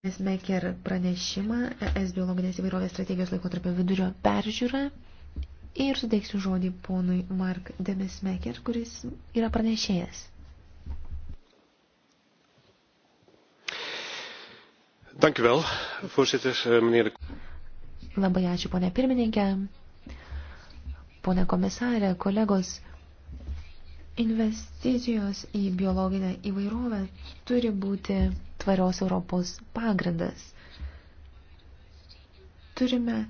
Mesmeker pranešimą ES biologinės įvairovės strategijos laikotarpio vidurio peržiūrą ir suteiksiu žodį ponui Mark Demesmeker, kuris yra pranešėjas. Dank u wel, voorzitter, eh, meneer de... Labai ačiū, ponė pirmininkė, ponė komisarė, kolegos. Investicijos į biologinę įvairovę turi būti tvarios Europos pagrindas. Turime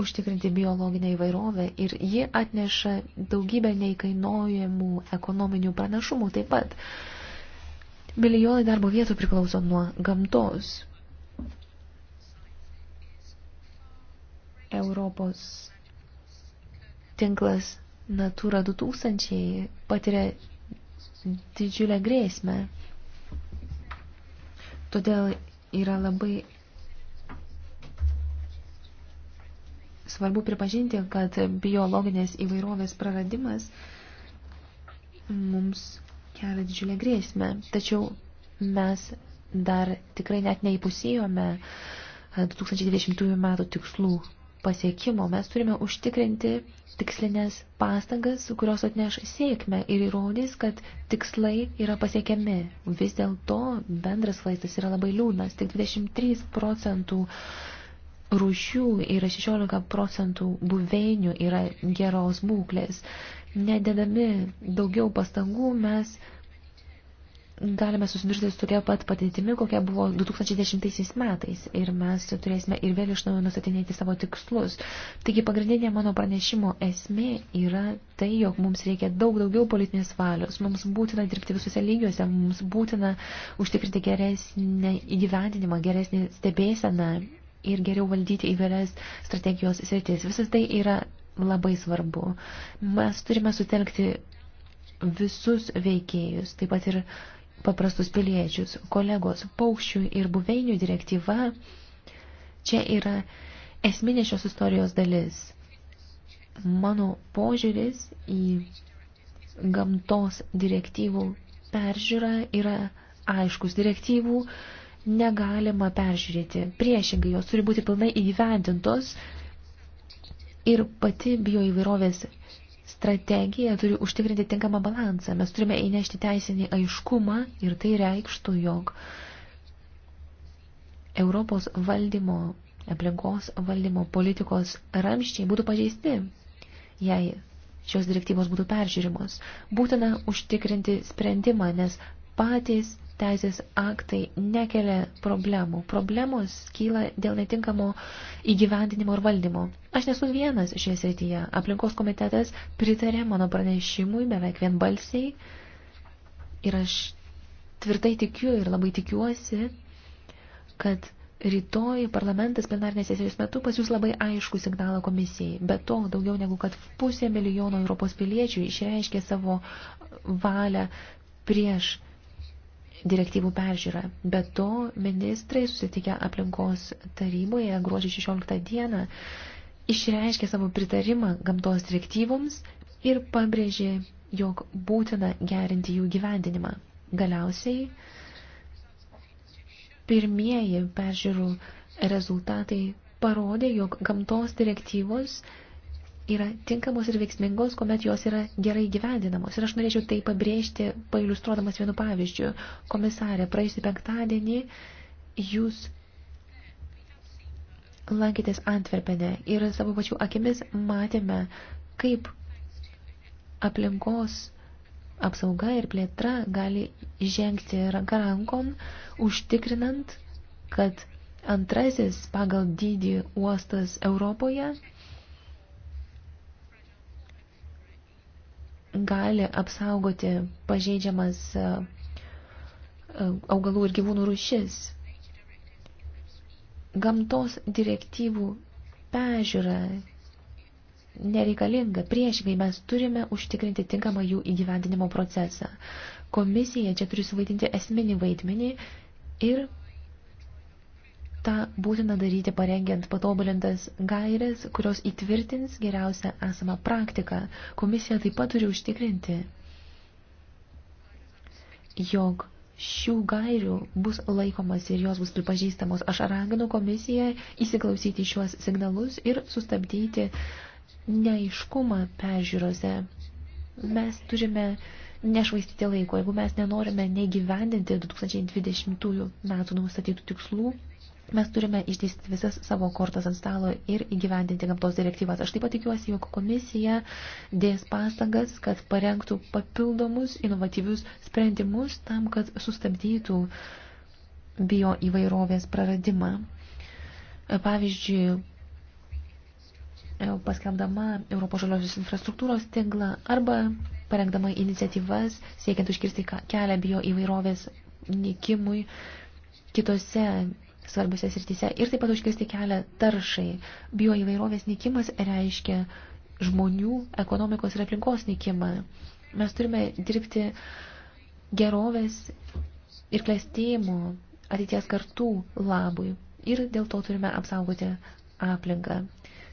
užtikrinti biologinę įvairovę ir ji atneša daugybę neįkainojamų ekonominių pranašumų taip pat. Milijonai darbo vietų priklauso nuo gamtos. Europos tinklas Natura 2000 patiria didžiulę grėsmę. Todėl yra labai svarbu pripažinti, kad biologinės įvairovės praradimas mums kelia didžiulę grėsmę. Tačiau mes dar tikrai net neįpusėjome e, 2020 metų tikslų pasiekimo. Mes turime užtikrinti tikslinės pastangas, kurios atneš sėkmę ir įrodys, kad tikslai yra pasiekiami. Vis dėlto bendras vaizdas yra labai liūdnas. Tik 23 procentų rūšių yra 16 procentų buveinių yra geros būklės. Nededami daugiau pastangų mes galime susidurti su tokia pat patirtimi, kokia buvo 2010 metais. Ir mes turėsime ir vėl iš naujo nustatinėti savo tikslus. Taigi pagrindinė mano pranešimo esmė yra tai, jog mums reikia daug daugiau politinės valios. Mums būtina dirbti visuose lygiuose, mums būtina užtikrinti geresnį įgyvendinimą, geresnį stebėseną ir geriau valdyti įvairias strategijos sritis. Visas tai yra labai svarbu. Mes turime sutelkti visus veikėjus, taip pat ir paprastus piliečius. Kolegos, paukščių ir buveinių direktyva čia yra esminė šios istorijos dalis. Mano požiūris į gamtos direktyvų peržiūrą yra aiškus direktyvų, negalima peržiūrėti. Priešingai, jos turi būti pilnai įgyvendintos ir pati bioįvairovės strategija turi užtikrinti tinkamą balansą. Mes turime įnešti teisinį aiškumą ir tai reikštų, jog Europos valdymo, aplinkos valdymo politikos ramščiai būtų pažeisti, jei šios direktyvos būtų peržiūrimos. Būtina užtikrinti sprendimą, nes patys teisės aktai nekelia problemų. Problemos kyla dėl netinkamo įgyvendinimo ir valdymo. Aš nesu vienas šioje srityje. Aplinkos komitetas pritarė mano pranešimui beveik vienbalsiai ir aš tvirtai tikiu ir labai tikiuosi, kad rytoj parlamentas plenarinės sesijos metu pasiūs labai aišku signalą komisijai. Be to, daugiau negu kad pusė milijono Europos piliečių išreiškė savo valią prieš direktyvų peržiūrą. Be to, ministrai susitikę aplinkos taryboje gruodžio 16 dieną išreiškė savo pritarimą gamtos direktyvoms ir pabrėžė, jog būtina gerinti jų gyvendinimą. Galiausiai, pirmieji peržiūrų rezultatai parodė, jog gamtos direktyvos yra tinkamos ir veiksmingos, kuomet jos yra gerai gyvendinamos. Ir aš norėčiau tai pabrėžti, pailustruodamas vienu pavyzdžiu. Komisarė, praėjusį penktadienį jūs lankėtės Antverpene ir savo pačių akimis matėme, kaip aplinkos apsauga ir plėtra gali žengti ranką rankon, užtikrinant, kad antrasis pagal dydį uostas Europoje – gali apsaugoti pažeidžiamas e, e, augalų ir gyvūnų rušis. Gamtos direktyvų pežiūra nereikalinga. Priešingai mes turime užtikrinti tinkamą jų įgyvendinimo procesą. Komisija čia turi suvaidinti esminį vaidmenį ir Ta būtina daryti parengiant patobulintas gairės, kurios įtvirtins geriausią esamą praktiką. Komisija taip pat turi užtikrinti, jog šių gairių bus laikomas ir jos bus pripažįstamos. Aš raginu komisiją įsiklausyti šiuos signalus ir sustabdyti neaiškumą peržiūrose. Mes turime nešvaistyti laiko, jeigu mes nenorime negyvendinti 2020 metų nustatytų tikslų Mes turime išdėstyti visas savo kortas ant stalo ir įgyvendinti gamtos direktyvas. Aš taip pat tikiuosi, jog komisija dės pastangas, kad parengtų papildomus inovatyvius sprendimus tam, kad sustabdytų bio įvairovės praradimą. Pavyzdžiui, paskelbdama Europos žaliosios infrastruktūros tinklą arba parengdama iniciatyvas siekiant užkirsti kelią bio įvairovės nikimui kitose svarbiose srityse ir taip pat užkirsti kelią taršai. Bio įvairovės nikimas reiškia žmonių, ekonomikos ir aplinkos nikimą. Mes turime dirbti gerovės ir klestėjimo ateities kartų labui ir dėl to turime apsaugoti aplinką.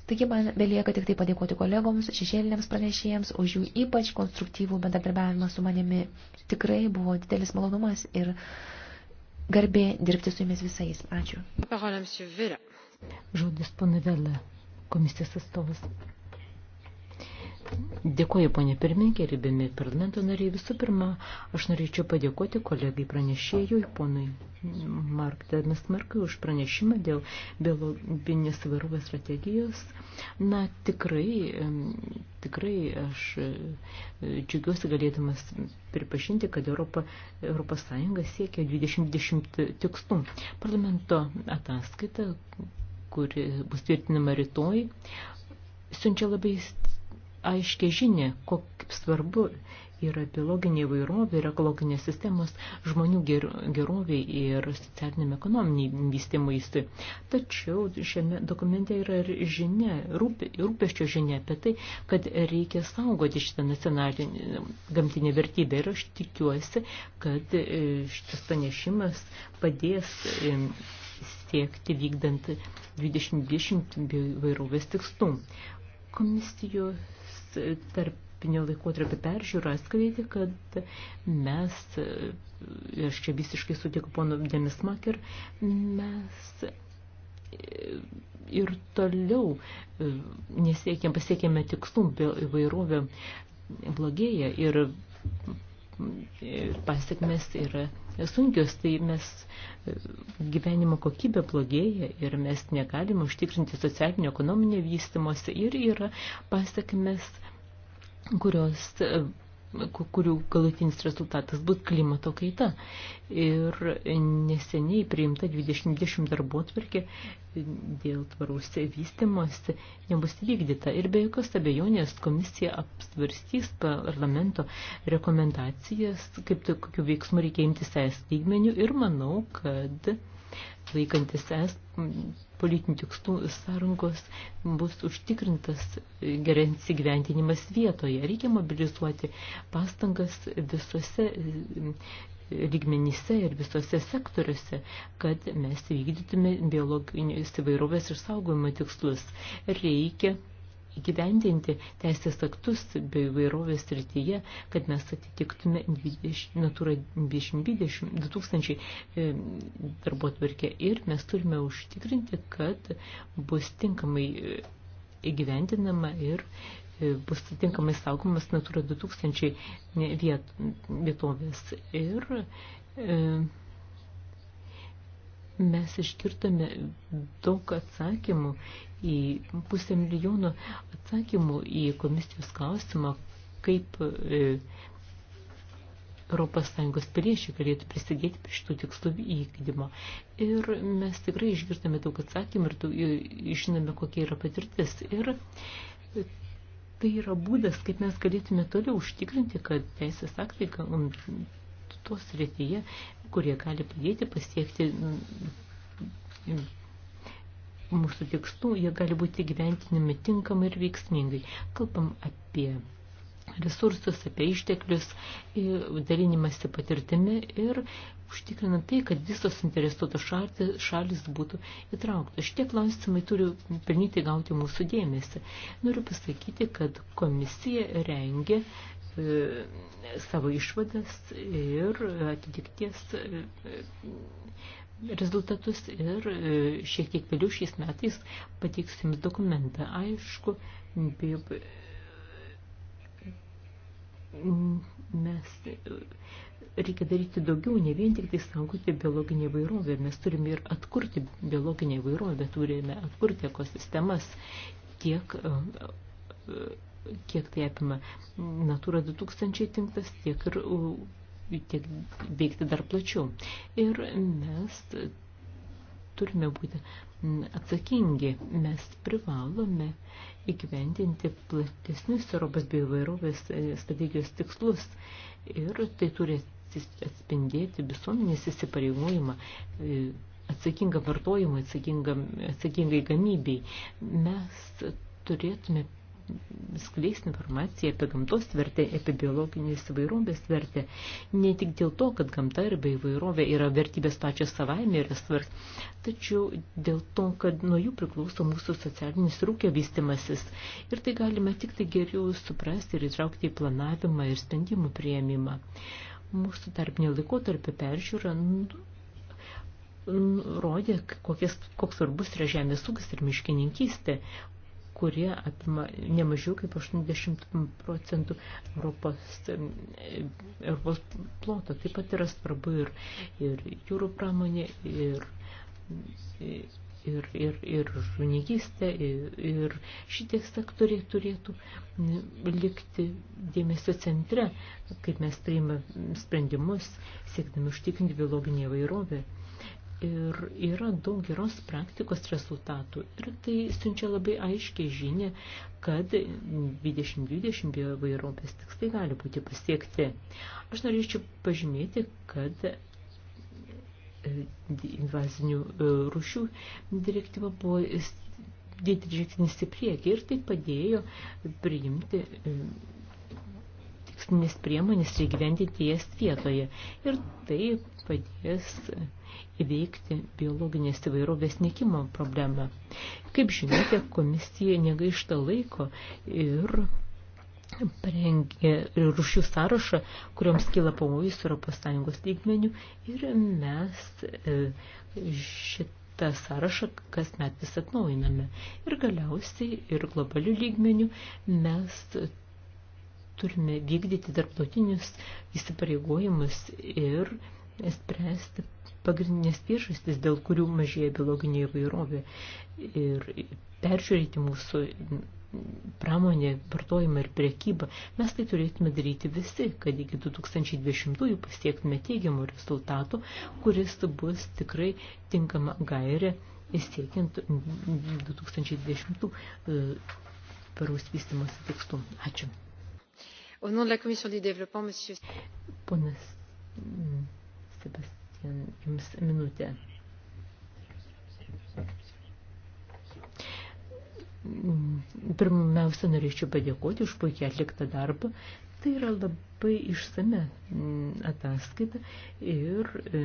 Taigi man belieka tik tai padėkoti kolegoms, šešėliniams pranešėjams už jų ypač konstruktyvų bendradarbiavimą su manimi. Tikrai buvo didelis malonumas ir uh, garbė dirbti su jumis visais. Ačiū. Žodis pana Vela, komisijos atstovas. Dėkuoju, ponė pirmininkė, ribėmi parlamento nariai. Visų pirma, aš norėčiau padėkoti kolegai pranešėjui, ponui Mark Demis Markui, už pranešimą dėl biologinės įvairovės strategijos. Na, tikrai, tikrai aš e, džiugiuosi galėdamas pripažinti, kad Europa, Europos Sąjunga siekia 2020 tikslų. Parlamento ataskaita, kuri bus tvirtinama rytoj, siunčia labai aiškiai žinia, kaip svarbu yra biologinė įvairovė ir ekologinės sistemos žmonių ger geroviai ir socialiniam ekonominiai vystimaisi. Tačiau šiame dokumente yra ir žinia, rūpė, rūpėščio žinia apie tai, kad reikia saugoti šitą nacionalinį gamtinę vertybę ir aš tikiuosi, kad e, šitas panešimas padės e, siekti vykdant 2020 įvairovės tikslų. Komisijos tarpinio laikotarpio peržiūrą atskleidė, kad mes, aš čia visiškai sutiku ponu Demismaker, mes ir toliau nesiekėm, pasiekėme tikslų, įvairovė blogėja ir pasiekmes yra sunkios, tai mes e, gyvenimo kokybė blogėja ir mes negalime užtikrinti socialinio ekonominio vystimosi ir yra pasiekmes kurios e, kurių galutinis rezultatas bus klimato kaita. Ir neseniai priimta 2020 darbuotvarkė e, dėl tvaraus vystimosi nebus vykdyta. Ir be jokios abejonės komisija apsvarstys parlamento rekomendacijas, kaip tai kokiu veiksmu reikia imtis es lygmenių ir manau, kad laikantis es politinių tikslų sąrangos bus užtikrintas e, gerins įgyventinimas vietoje. Reikia mobilizuoti pastangas visose e, lygmenyse ir visose sektoriuose, kad mes vykdytume biologinės įvairovės išsaugojimo tikslus. Reikia įgyvendinti teisės aktus bei vairovės srityje, kad mes atitiktume 20, Natura 2020 2000 darbo tvarkę ir mes turime užtikrinti, kad bus tinkamai e, įgyvendinama ir e, bus tinkamai saugomas Natura 2000 viet, vietovės ir e, mes iškirtame daug atsakymų į pusę milijono atsakymų į komisijos klausimą, kaip ES piliečiai galėtų prisidėti prie šitų tikslų įgydymo. Ir mes tikrai išgirdame daug atsakymų ir daug, žinome, kokia yra patirtis. Ir tai yra būdas, kaip mes galėtume toliau užtikrinti, kad teisės aktai um, tos rytyje kurie gali padėti pasiekti mm, mm, mūsų tikslų, jie gali būti gyventinami tinkamai ir veiksmingai. Kalbam apie resursus, apie išteklius, dalinimąsi patirtimi ir užtikrinant tai, kad visos interesuotos šalis būtų įtrauktos. Šitie klausimai turi pelnyti gauti mūsų dėmesį. Noriu pasakyti, kad komisija rengia E, savo išvadas ir atitikties e, e, rezultatus ir šiek tiek vėliau šiais metais pateiksiu jums dokumentą. Aišku, mes reikia daryti daugiau, ne vien tik tai saugoti biologinį įvairovę. Mes turime ir atkurti biologinį įvairovę, turime atkurti ekosistemas tiek kiek tai apima Natura 2000 tinklas, tiek ir tiek veikti dar plačiau. Ir mes turime būti atsakingi, mes privalome įgyvendinti platesnius Europos bioįvairovės e, strategijos tikslus ir tai turi atspindėti visuomenės įsipareigojimą e, atsakingą vartojimą, atsakingai gamybei. Mes turėtume skleis informaciją apie gamtos vertę, apie biologinės įvairovės vertę. Ne tik dėl to, kad gamta ir bei įvairovė yra vertybės pačios savaime yra svars, tačiau dėl to, kad nuo jų priklauso mūsų socialinis rūkio vystimasis. Ir tai galime tik tai geriau suprasti ir įtraukti į planavimą ir sprendimų prieimimą. Mūsų tarpinio laikotarpio peržiūra rodė, kokies, koks svarbus yra žemės ūkis ir miškininkystė, kurie apima nemažiau kaip 80 procentų Europos, e, Europos ploto. Taip pat yra svarbu ir, ir jūrų pramonė, ir, ir, ir, ir žunigystė, ir, ir šitie sektoriai turėtų likti dėmesio centre, kaip mes priimame sprendimus, siekdami užtikrinti biologinį vairovę. Ir yra daug geros praktikos rezultatų. Ir tai siunčia labai aiškiai žinę, kad 2020 biovairovės tikslai gali būti pasiekti. Aš norėčiau pažymėti, kad e, invazinių e, rušių direktyva buvo didelis žingsnis į priekį ir tai padėjo priimti e, nes priemonės reikia gyvendinti jas vietoje. Ir tai padės įveikti biologinės įvairovės nikimo problemą. Kaip žinote, komisija negaišta laiko ir parengė rušių sąrašą, kurioms kyla pavojus Europos Sąjungos lygmenių ir mes e, šitą sąrašą kasmet vis atnaujiname. Ir galiausiai ir globalių lygmenių mes turime vykdyti tarptautinius įsipareigojimus ir spręsti pagrindinės priežastis, dėl kurių mažėja biologinė įvairovė ir peržiūrėti mūsų pramonė, vartojimą ir priekybą, mes tai turėtume daryti visi, kad iki 2020-ųjų pasiektume teigiamų rezultatų, kuris bus tikrai tinkama gairė siekiant 2020 e, tvaraus vystimosi tikslų. Ačiū. Au nom de la Commission du développement, monsieur. Ponas mm, Sebastian, jums minutė. Mm, pirmiausia, norėčiau padėkoti už puikiai atliktą darbą. Tai yra labai išsame mm, ataskaita ir e,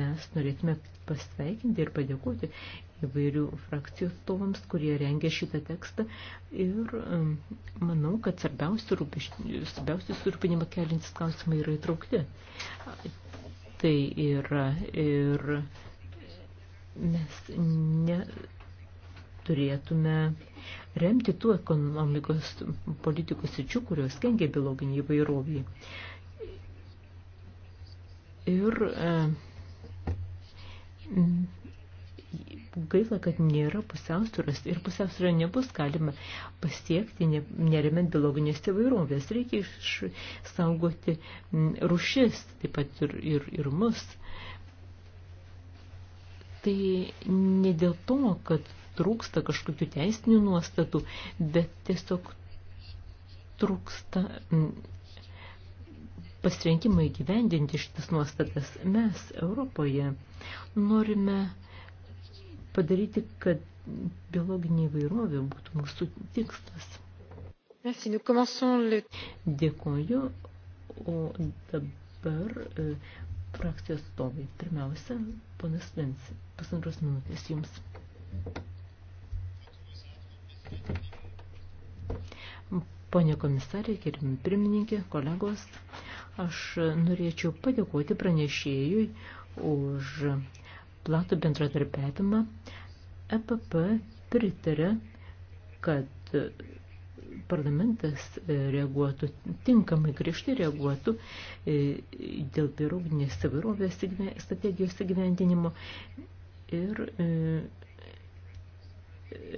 mes norėtume pasveikinti ir padėkoti įvairių frakcijų atstovams, kurie rengia šitą tekstą. Ir e, manau, kad svarbiausi surūpinimą kelintis klausimai yra įtraukti. Tai yra ir mes ne turėtume remti tų ekonomikos politikos sičių, kurios kengia biologinį įvairovį. Ir e, gaila, kad nėra pusiausvyros ir pusiausvyro nebus galima pasiekti, neremiant biologinės įvairovės. Reikia išsaugoti rušis, taip pat ir, ir, ir mus. Tai ne dėl to, kad trūksta kažkokių teisinių nuostatų, bet tiesiog trūksta pasirinkimą įgyvendinti šitas nuostatas. Mes Europoje norime padaryti, kad biologinė įvairovė būtų mūsų tikslas. Merci, nous commençons le... Dėkuoju, o dabar e, frakcijos stovai. Pirmiausia, ponas Vins, pusantros minutės jums. Pone komisarė, gerbimi pirmininkė, kolegos, aš norėčiau padėkoti pranešėjui už platų bendradarbiavimą. EPP pritarė, kad parlamentas reaguotų, tinkamai griežtai reaguotų e, dėl biologinės savirovės strategijos įgyvendinimo ir e,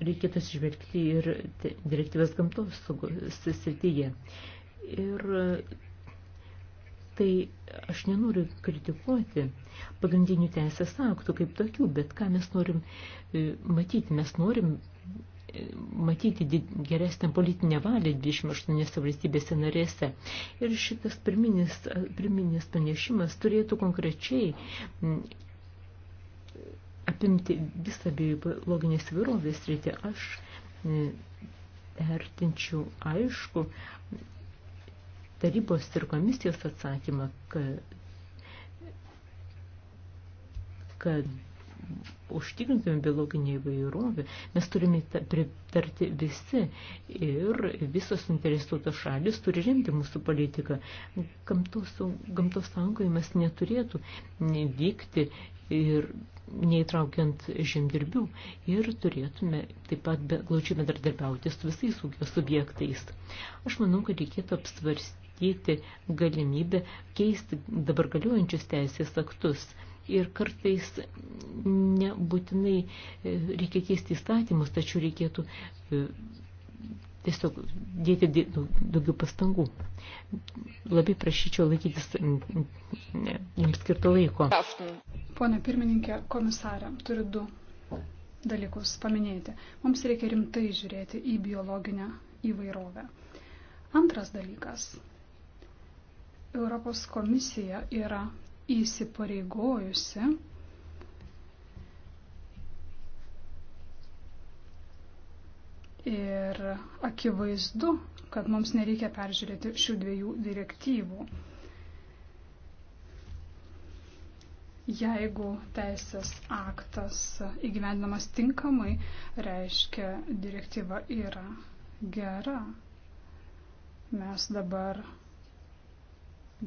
reikėtų atsižvelgti ir direktyvas gamtos srityje. Ir tai aš nenoriu kritikuoti pagrindinių teisės aktų kaip tokių, bet ką mes norim e, matyti, mes norim e, matyti geresnę politinę valią 28 valstybėse narėse. Ir šitas pirminis, e, pirminis pranešimas turėtų konkrečiai apimti visą biologinės įvairovės rytį. Aš e, vertinčiau aišku tarybos ir komisijos atsakymą, kad, kad užtikrintume biologinį įvairovę, mes turime pritarti visi ir visos interesuotos šalis turi remti mūsų politiką. Gamtos, gamtos sangojimas neturėtų vykti ir neįtraukiant žemdirbių ir turėtume taip pat be, glaučiai bendradarbiauti su visais ūkio subjektais. Aš manau, kad reikėtų apsvarstyti galimybę keisti dabar galiojančius teisės aktus. Ir kartais nebūtinai e, reikia keisti įstatymus, tačiau reikėtų e, tiesiog dėti daugiau pastangų. Labai prašyčiau laikytis jums skirto laiko. Pone pirmininkė, komisarė, turiu du dalykus paminėti. Mums reikia rimtai žiūrėti į biologinę įvairovę. Antras dalykas. Europos komisija yra įsipareigojusi Ir akivaizdu, kad mums nereikia peržiūrėti šių dviejų direktyvų. Jeigu teisės aktas įgyvendinamas tinkamai, reiškia direktyva yra gera. Mes dabar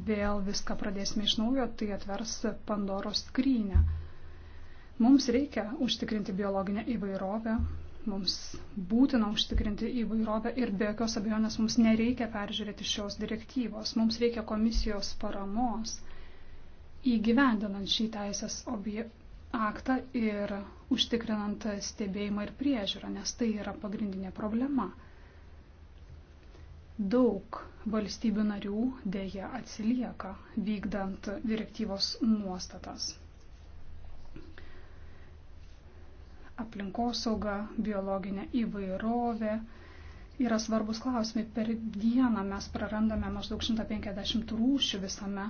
vėl viską pradėsime iš naujo, tai atvers Pandoros skrynę. Mums reikia užtikrinti biologinę įvairovę, Mums būtina užtikrinti įvairovę ir be jokios abejonės mums nereikia peržiūrėti šios direktyvos. Mums reikia komisijos paramos įgyvendinant šį teisės aktą ir užtikrinant stebėjimą ir priežiūrą, nes tai yra pagrindinė problema. Daug valstybių narių dėja atsilieka vykdant direktyvos nuostatas. aplinkosaugą, biologinę įvairovę yra svarbus klausimai. Per dieną mes prarandame maždaug 150 rūšių visame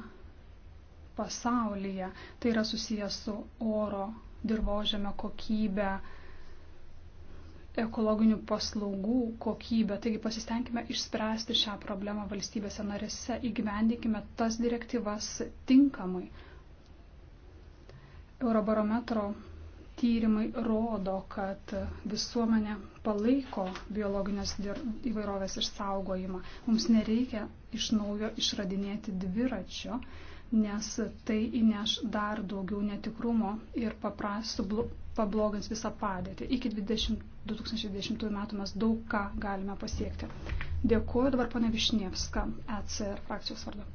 pasaulyje. Tai yra susijęs su oro, dirbožėme kokybė, ekologinių paslaugų kokybė. Taigi pasistengime išspręsti šią problemą valstybėse narėse, įgyvendykime tas direktyvas tinkamai. Eurobarometro Tyrimai rodo, kad visuomenė palaiko biologinės įvairovės išsaugojimą. Mums nereikia iš naujo išradinėti dviračio, nes tai įneš dar daugiau netikrumo ir paprastų pablogins visą padėtį. Iki 20, 2020 metų mes daug ką galime pasiekti. Dėkuoju dabar pane Višnievska, ECR frakcijos vardu.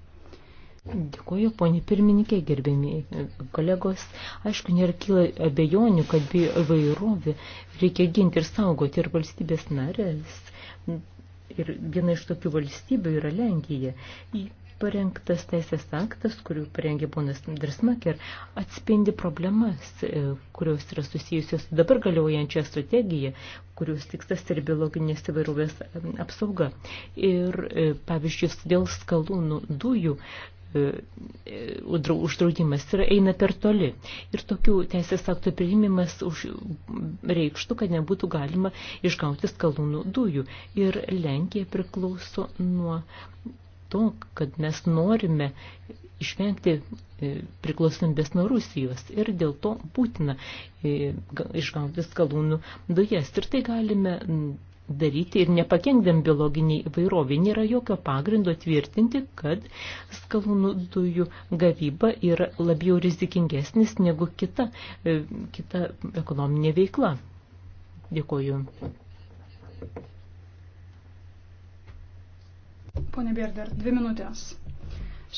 Dėkuoju, ponė pirmininkė, gerbėmiai e, kolegos. Aišku, nėra kyla abejonių, kad bei vairovė reikia ginti ir saugoti ir valstybės narės. Ir viena iš tokių valstybių yra Lenkija. Į parengtas teisės aktas, kurių parengė ponas Drismaker, atspindi problemas, e, kurios yra susijusios su dabar galiojančia strategija, kurios tikslas ir biologinės įvairovės e, apsauga. Ir, pavyzdžiui, dėl skalūnų dujų uždraudimas ir eina per toli. Ir tokių teisės aktų priimimas už, reikštų, kad nebūtų galima išgauti skalūnų dujų. Ir Lenkija priklauso nuo to, kad mes norime išvengti e, priklausomybės nuo Rusijos ir dėl to būtina e, išgauti skalūnų dujas. Ir tai galime daryti ir nepakengdam biologiniai įvairoviai. Nėra jokio pagrindo tvirtinti, kad skalūnų dujų gavyba yra labiau rizikingesnis negu kita, e, kita ekonominė veikla. Dėkuoju. Pone Bierder, dvi minutės.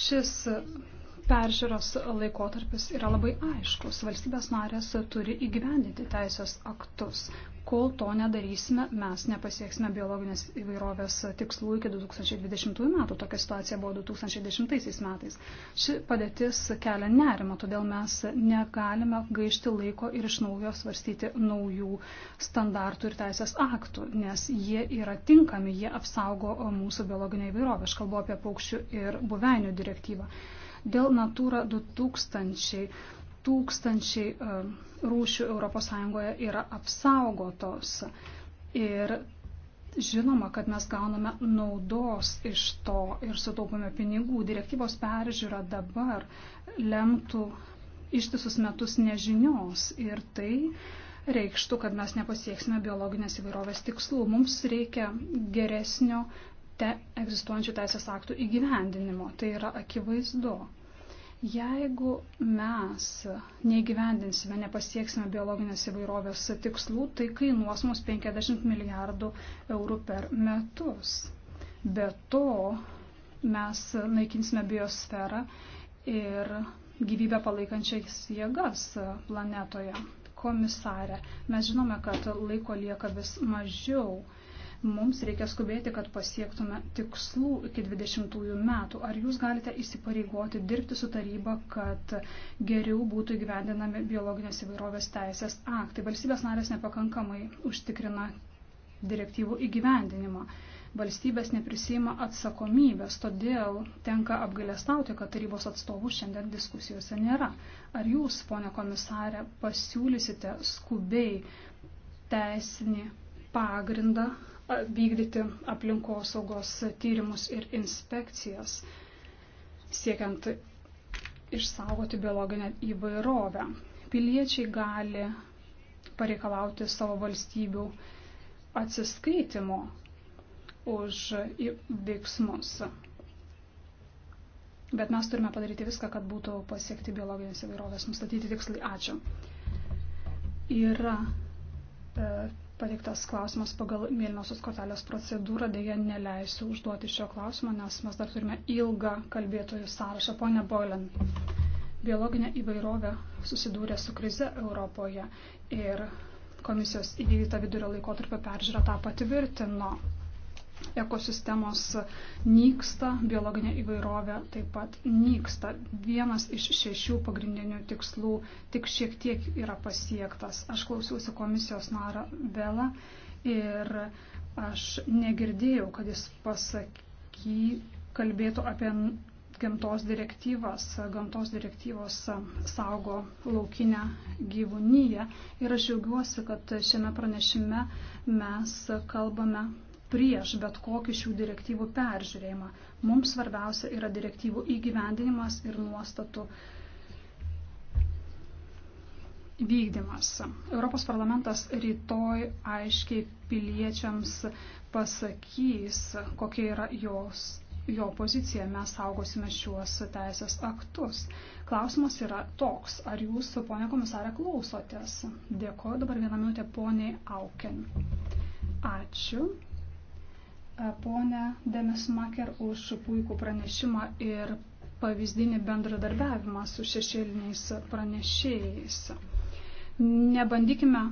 Šis peržiūros laikotarpis yra labai aiškus. Valstybės narės turi įgyvendinti teisės aktus. Kol to nedarysime, mes nepasieksime biologinės įvairovės tikslų iki 2020 metų. Tokia situacija buvo 2010 metais. Ši padėtis kelia nerimą, todėl mes negalime gaišti laiko ir iš naujo svarstyti naujų standartų ir teisės aktų, nes jie yra tinkami, jie apsaugo mūsų biologinę įvairovę. Aš kalbu apie paukščių ir buveinių direktyvą. Dėl Natura 2000 tūkstančiai e, rūšių ES yra apsaugotos. Ir žinoma, kad mes gauname naudos iš to ir sutaupome pinigų. Direktyvos peržiūra dabar lemtų ištisus metus nežinios ir tai reikštų, kad mes nepasieksime biologinės įvairovės tikslų. Mums reikia geresnio te egzistuojančių teisės aktų įgyvendinimo. Tai yra akivaizdu. Jeigu mes neįgyvendinsime, nepasieksime biologinės įvairovės tikslų, tai kainuos mums 50 milijardų eurų per metus. Be to mes naikinsime biosferą ir gyvybę palaikančias jėgas planetoje. Komisarė, mes žinome, kad laiko lieka vis mažiau Mums reikia skubėti, kad pasiektume tikslų iki 20 metų. Ar jūs galite įsipareigoti dirbti su taryba, kad geriau būtų įgyvendinami biologinės įvairovės teisės aktai? Valstybės narės nepakankamai užtikrina direktyvų įgyvendinimą. Valstybės neprisima atsakomybės, todėl tenka apgailestauti, kad tarybos atstovų šiandien diskusijose nėra. Ar jūs, ponė komisarė, pasiūlysite skubiai teisinį pagrindą vykdyti aplinkosaugos tyrimus ir inspekcijas, siekiant išsaugoti biologinę įvairovę. Piliečiai gali pareikalauti savo valstybių atsiskaitimo už veiksmus. Bet mes turime padaryti viską, kad būtų pasiekti biologinės įvairovės nustatyti tikslai. Ačiū. Yra e, pateiktas klausimas pagal mėlynosios kortelės procedūrą. Deja, neleisiu užduoti šio klausimo, nes mes dar turime ilgą kalbėtojų sąrašą. Pone Boilen, biologinė įvairovė susidūrė su krize Europoje ir komisijos įvykdyta vidurio laikotarpio peržiūra tą patvirtino ekosistemos nyksta, biologinė įvairovė taip pat nyksta. Vienas iš šešių pagrindinių tikslų tik šiek tiek yra pasiektas. Aš klausiausi komisijos narą Vela ir aš negirdėjau, kad jis pasaky, kalbėtų apie gamtos direktyvas. Gamtos direktyvos saugo laukinę gyvūnyje. Ir aš džiaugiuosi, kad šiame pranešime mes kalbame prieš bet kokį šių direktyvų peržiūrėjimą. Mums svarbiausia yra direktyvų įgyvendinimas ir nuostatų vykdymas. Europos parlamentas rytoj aiškiai piliečiams pasakys, kokia yra jos, jo pozicija. Mes saugosime šiuos teisės aktus. Klausimas yra toks, ar jūs, ponė komisarė, klausotės? Dėkuoju dabar vieną minutę poniai Auken. Ačiū ponę Demesmaker už puikų pranešimą ir pavyzdinį bendradarbiavimą su šešėliniais pranešėjais. Nebandykime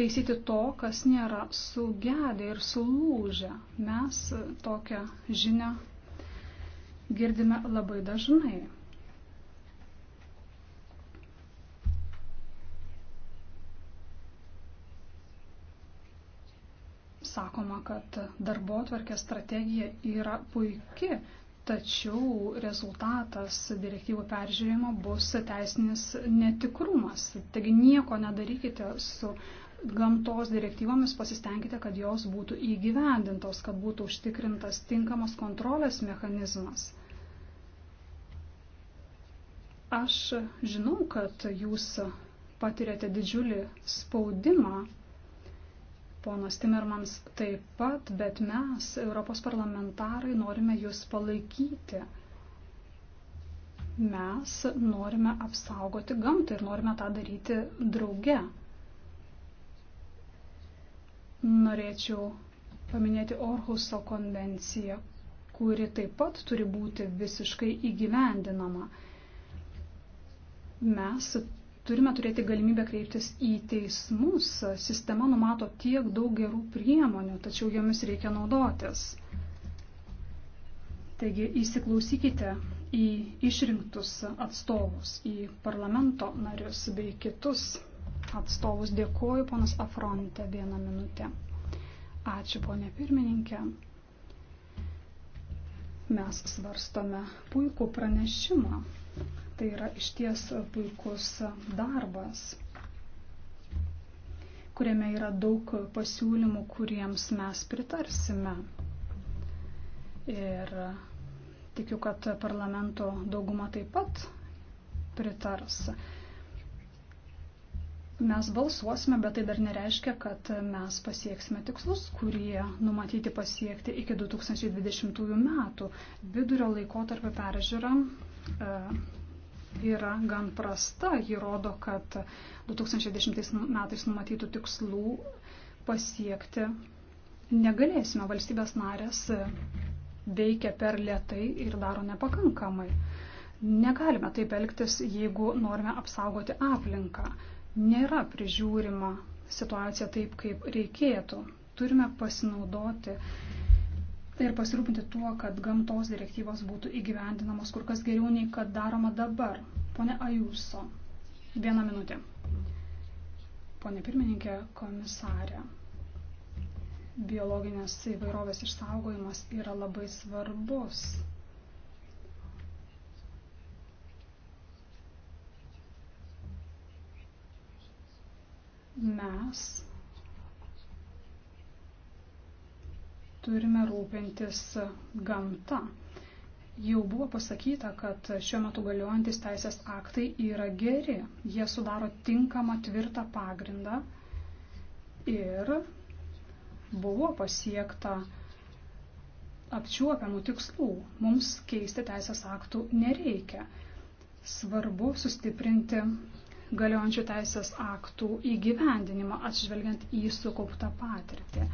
taisyti to, kas nėra sugedę ir sulūžę. Mes tokią žinią girdime labai dažnai. sakoma, kad darbo atvarkė strategija yra puiki, tačiau rezultatas direktyvų peržiūrėjimo bus teisinis netikrumas. Taigi nieko nedarykite su gamtos direktyvomis pasistengkite, kad jos būtų įgyvendintos, kad būtų užtikrintas tinkamas kontrolės mechanizmas. Aš žinau, kad jūs patirėte didžiulį spaudimą ponas Timermans taip pat, bet mes, Europos parlamentarai, norime jūs palaikyti. Mes norime apsaugoti gamtą ir norime tą daryti drauge. Norėčiau paminėti Orhuso konvenciją, kuri taip pat turi būti visiškai įgyvendinama. Mes turime turėti galimybę kreiptis į teismus. Sistema numato tiek daug gerų priemonių, tačiau jomis reikia naudotis. Taigi įsiklausykite į išrinktus atstovus, į parlamento narius bei kitus atstovus. Dėkuoju, ponas Afronte, vieną minutę. Ačiū, ponė pirmininkė. Mes svarstome puikų pranešimą Tai yra išties puikus darbas, kuriame yra daug pasiūlymų, kuriems mes pritarsime. Ir tikiu, kad parlamento dauguma taip pat pritars mes balsuosime, bet tai dar nereiškia, kad mes pasieksime tikslus, kurie numatyti pasiekti iki 2020 metų. Vidurio laiko tarp peržiūra e, yra gan prasta. Ji rodo, kad 2010 metais numatytų tikslų pasiekti negalėsime. Valstybės narės veikia per lietai ir daro nepakankamai. Negalime taip elgtis, jeigu norime apsaugoti aplinką. Nėra prižiūrima situacija taip, kaip reikėtų. Turime pasinaudoti Tai ir pasirūpinti tuo, kad gamtos direktyvos būtų įgyvendinamos kur kas geriau nei kad daroma dabar. Pone Ajuso, vieną minutę. Pone pirmininkė, komisarė. Biologinės įvairovės išsaugojimas yra labai svarbus. Mes turime rūpintis gamta. Jau buvo pasakyta, kad šiuo metu galiojantis teisės aktai yra geri. Jie sudaro tinkamą tvirtą pagrindą ir buvo pasiekta apčiuopiamų tikslų. Mums keisti teisės aktų nereikia. Svarbu sustiprinti galiojančių teisės aktų įgyvendinimą, atžvelgiant į sukauptą patirtį.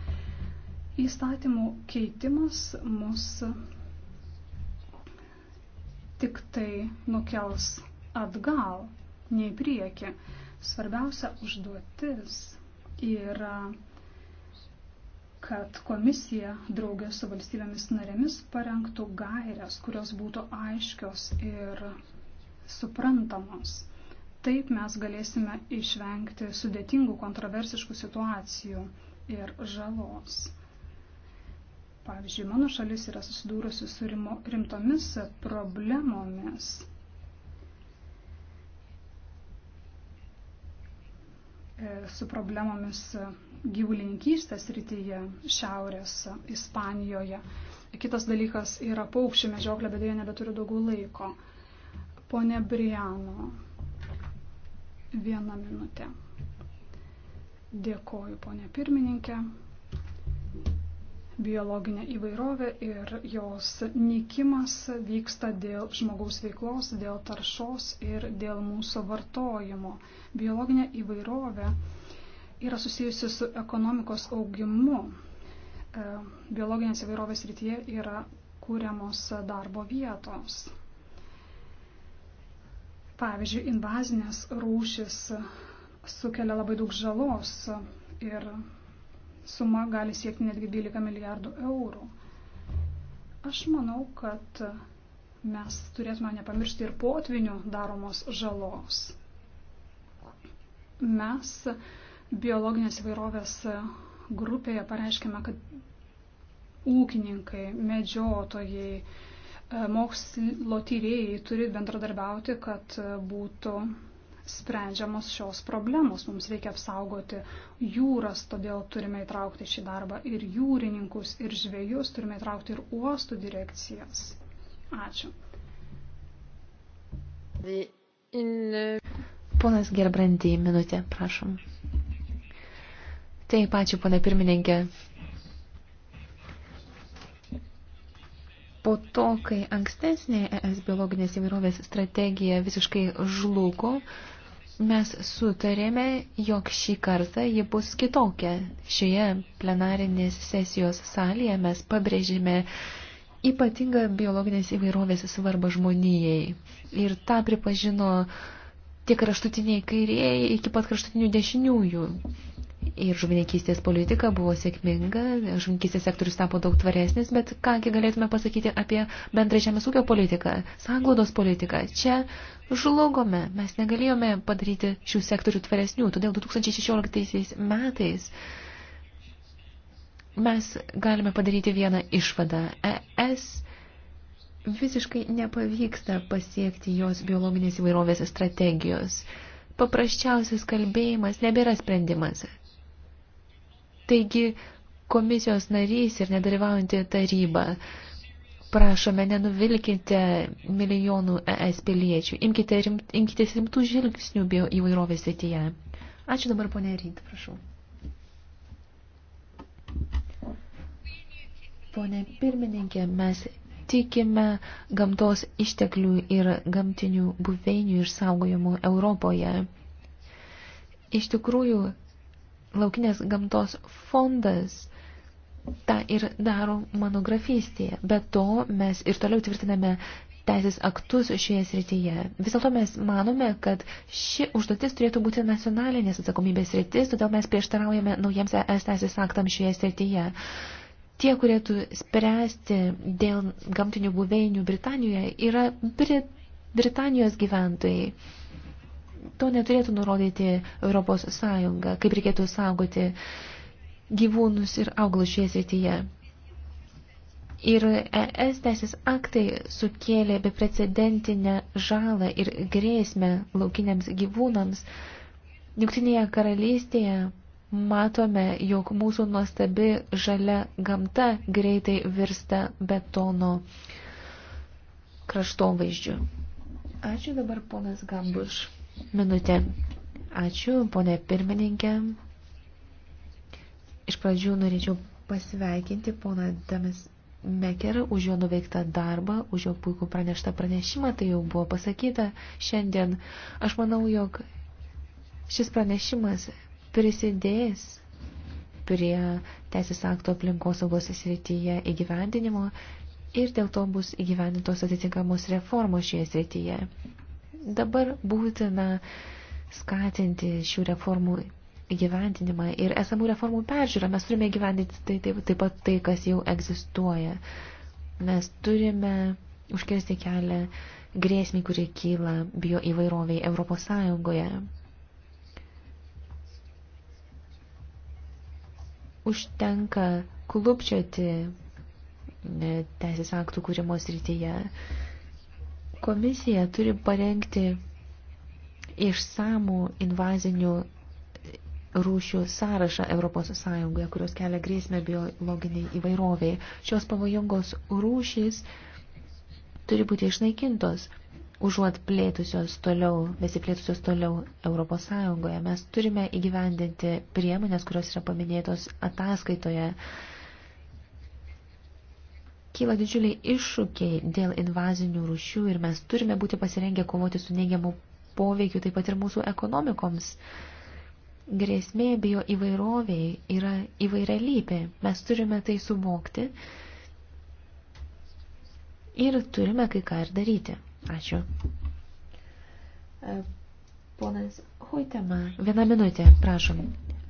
Įstatymų keitimas mus tik tai nukels atgal, nei prieki. Svarbiausia užduotis yra, kad komisija draugė su valstybėmis narėmis parengtų gairias, kurios būtų aiškios ir suprantamos. Taip mes galėsime išvengti sudėtingų kontroversiškų situacijų ir žalos. Pavyzdžiui, mano šalis yra susidūrusi su rimtomis problemomis. E, su problemomis gyvulinkystės rytyje šiaurės Ispanijoje. Kitas dalykas yra paukščių medžioklė, bet jie nebeturi daugiau laiko. Pone Briano, vieną minutę. Dėkoju, ponė pirmininkė biologinė įvairovė ir jos nykimas vyksta dėl žmogaus veiklos, dėl taršos ir dėl mūsų vartojimo. Biologinė įvairovė yra susijusi su ekonomikos augimu. E, biologinės įvairovės rytyje yra kūriamos darbo vietos. Pavyzdžiui, invazinės rūšis sukelia labai daug žalos ir suma gali siekti netgi 12 milijardų eurų. Aš manau, kad mes turėtume nepamiršti ir potvinių daromos žalos. Mes biologinės įvairovės grupėje pareiškėme, kad ūkininkai, medžiotojai, e, mokslo tyrėjai turi bendradarbiauti, kad būtų sprendžiamos šios problemos. Mums reikia apsaugoti jūras, todėl turime įtraukti šį darbą ir jūrininkus, ir žvėjus, turime įtraukti ir uostų direkcijas. Ačiū. Ponas Gerbrandy, minutė, prašom. Taip, ačiū, ponė pirmininkė. Po to, kai ankstesnė ES biologinės įvairovės strategija visiškai žlugo, Mes sutarėme, jog šį kartą ji bus kitokia. Šioje plenarinės sesijos salėje mes pabrėžėme ypatingą biologinės įvairovės svarbą žmonijai. Ir tą pripažino tiek kraštutiniai kairieji iki pat kraštutinių dešiniųjų ir žuvininkystės politika buvo sėkminga, žuvininkystės sektorius tapo daug tvaresnis, bet kągi galėtume pasakyti apie bendrą žemės ūkio politiką, sanglaudos politiką. Čia žlugome, mes negalėjome padaryti šių sektorių tvaresnių, todėl 2016 metais mes galime padaryti vieną išvadą. ES visiškai nepavyksta pasiekti jos biologinės įvairovės strategijos. Paprasčiausias kalbėjimas nebėra sprendimas. Taigi komisijos narys ir nedalyvaujantį tarybą. Prašome, nenuvilkite milijonų ES piliečių. Imkite rimt, imkite rimtų žvilgsnių bio įvairovės srityje. Ačiū dabar, ponė Ryt, prašau. Pone pirmininkė, mes tikime gamtos išteklių ir gamtinių buveinių išsaugojimų Europoje. Iš tikrųjų, laukinės gamtos fondas tą ir daro monografystėje. Be to mes ir toliau tvirtiname teisės aktus šioje srityje. Vis dėlto mes manome, kad ši užduotis turėtų būti nacionalinės atsakomybės sritis, todėl mes prieštaraujame naujiems ES teisės aktams šioje srityje. Tie, kurie turėtų spręsti dėl gamtinių buveinių Britanijoje, yra Brit Britanijos gyventojai to neturėtų nurodyti Europos Sąjunga, kaip reikėtų saugoti gyvūnus ir augalus šioje srityje. Ir ES teisės aktai sukėlė beprecedentinę žalą ir grėsmę laukiniams gyvūnams. Jungtinėje karalystėje matome, jog mūsų nuostabi žalia gamta greitai virsta betono kraštovaizdžiu. Ačiū dabar ponas Gambuš. Minutė. Ačiū, ponė pirmininkė. Iš pradžių norėčiau pasveikinti poną Damis Mekerą už jo nuveiktą darbą, už jo puikų praneštą pranešimą, tai jau buvo pasakyta šiandien. Aš manau, jog šis pranešimas prisidės prie teisės akto aplinkosaugos srityje įgyvendinimo ir dėl to bus įgyvendintos atitinkamos reformos šioje srityje. Dabar būtina skatinti šių reformų įgyvendinimą ir esamų reformų peržiūrą. Mes turime gyvendinti tai, taip, taip pat tai, kas jau egzistuoja. Mes turime užkirsti kelią grėsmį, kurie kyla bio įvairoviai Europos Sąjungoje. Užtenka klubčioti teisės aktų kūrimo srityje. Komisija turi parengti išsamų invazinių rūšių sąrašą Europos Sąjungoje, kurios kelia grėsmę biologiniai įvairoviai. Šios pavojingos rūšys turi būti išnaikintos, užuot plėtusios toliau, besiplėtusios toliau Europos Sąjungoje. Mes turime įgyvendinti priemonės, kurios yra paminėtos ataskaitoje kyla didžiuliai iššūkiai dėl invazinių rūšių ir mes turime būti pasirengę kovoti su neigiamu poveikiu taip pat ir mūsų ekonomikoms. Grėsmė bio įvairoviai yra įvairialypė. Mes turime tai suvokti ir turime kai ką ir daryti. Ačiū. E, ponas Hoitema, vieną minutę, prašom.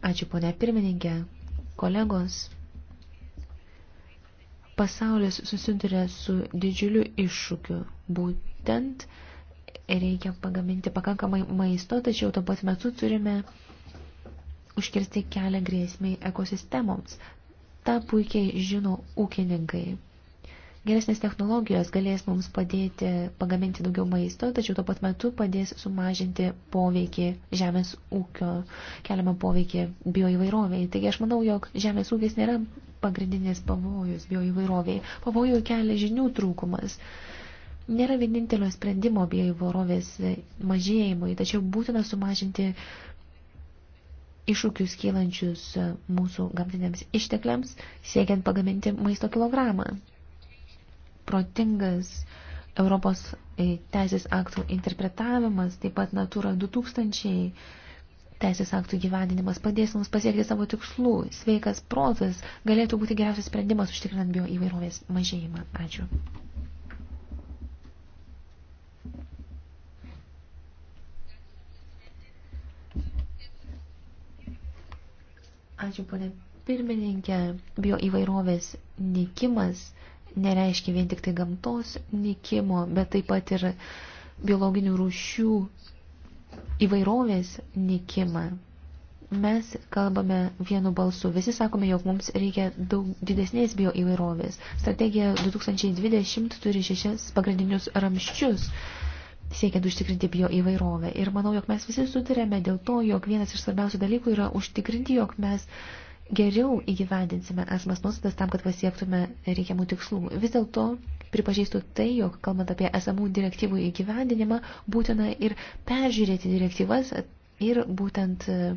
Ačiū, ponė pirmininkė, kolegos. Pasaulis susiduria su didžiuliu iššūkiu. Būtent reikia pagaminti pakankamai maisto, tačiau tuo pat metu turime užkirsti kelią grėsmiai ekosistemoms. Ta puikiai žino ūkininkai. Geresnės technologijos galės mums padėti pagaminti daugiau maisto, tačiau tuo pat metu padės sumažinti poveikį žemės ūkio, keliamą poveikį bioįvairoviai. Taigi aš manau, jog žemės ūkis nėra pagrindinis pavojus bioįvairoviai. Pavojų kelia žinių trūkumas. Nėra vienintelio sprendimo bioįvairovės mažėjimui, tačiau būtina sumažinti iššūkius kylančius mūsų gamtiniams ištekliams, siekiant pagaminti maisto kilogramą. Protingas Europos teisės aktų interpretavimas, taip pat Natura 2000 Teisės aktų gyvendinimas padės mums pasiekti savo tikslų. Sveikas protas galėtų būti geriausias sprendimas užtikrinant bio įvairovės mažėjimą. Ačiū. Ačiū, ponė pirmininkė. Bio įvairovės nikimas nereiškia vien tik tai gamtos nikimo, bet taip pat ir biologinių rūšių įvairovės nikimą. Mes kalbame vienu balsu. Visi sakome, jog mums reikia daug didesnės bio įvairovės. Strategija 2020 turi šešias pagrindinius ramščius siekiant užtikrinti bio įvairovę. Ir manau, jog mes visi sutarėme dėl to, jog vienas iš svarbiausių dalykų yra užtikrinti, jog mes uh, geriau įgyvendinsime esmas nuostatas tam, kad pasiektume reikiamų tikslų. Vis dėlto pripažįstu tai, jog kalbant apie esamų direktyvų įgyvendinimą, būtina ir peržiūrėti direktyvas ir būtent e,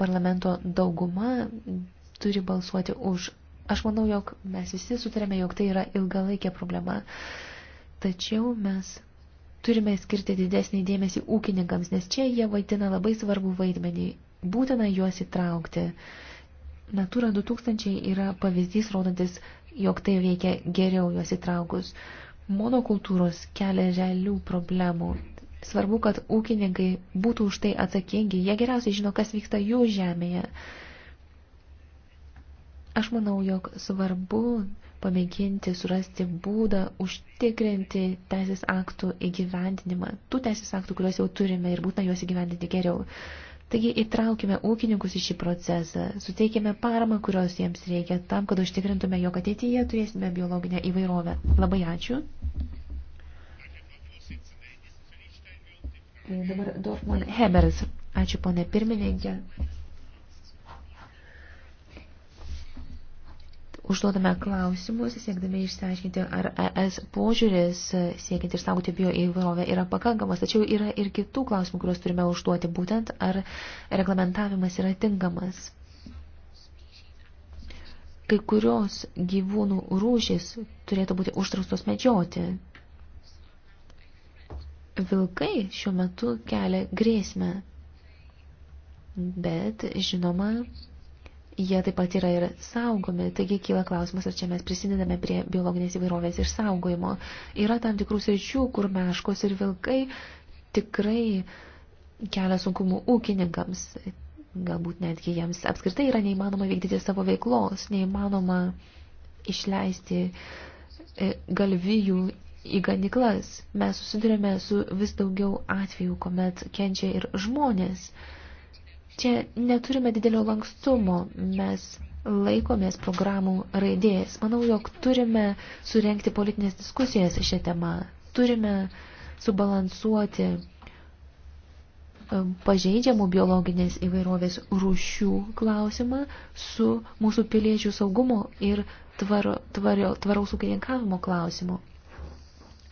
parlamento dauguma turi balsuoti už. Aš manau, jog mes visi sutarėme, jog tai yra ilgalaikė problema, tačiau mes turime skirti didesnį dėmesį ūkininkams, nes čia jie vaidina labai svarbų vaidmenį. Būtina juos įtraukti. Uh, Natura 2000 yra pavyzdys rodantis, jog tai veikia geriau juos įtraukus. Monokultūros kelia žalių problemų. Svarbu, kad ūkininkai būtų už tai atsakingi. Jie geriausiai žino, kas vyksta jų žemėje. Aš manau, jog svarbu pamėginti surasti būdą užtikrinti teisės aktų įgyvendinimą. Tų teisės aktų, kuriuos jau turime ir būtina juos įgyvendinti geriau. Taigi įtraukime ūkininkus į šį procesą, suteikime paramą, kurios jiems reikia, tam, kad užtikrintume, jog ateityje turėsime biologinę įvairovę. Labai ačiū. Dabar Dorfman Heberis. Ačiū, ponė pirmininkė. užduodame klausimus, siekdami išsiaiškinti, ar ES požiūris e, siekiant išsaugoti bio įvairovę yra pakankamas, tačiau yra ir kitų klausimų, kuriuos turime užduoti, būtent ar reglamentavimas yra tinkamas. Kai kurios gyvūnų rūšys turėtų būti uždraustos medžioti. Vilkai šiuo metu kelia grėsmę, bet, žinoma, jie taip pat yra ir saugomi. Taigi kyla klausimas, ar čia mes prisidedame prie biologinės įvairovės išsaugojimo. Yra tam tikrų sričių, kur meškos ir vilkai tikrai kelia sunkumų ūkininkams. Galbūt netgi jiems apskritai yra neįmanoma vykdyti savo veiklos, neįmanoma išleisti e, galvijų į ganiklas. Mes susidurėme su vis daugiau atvejų, kuomet kenčia ir žmonės. Uh, Čia neturime didelio lankstumo, mes laikomės programų raidėjas. Manau, jog turime surenkti politinės diskusijas šią temą, turime subalansuoti um, pažeidžiamų biologinės įvairovės rūšių klausimą su mūsų piliečių saugumo ir tvaro, tvario, tvaraus ūkininkavimo klausimu.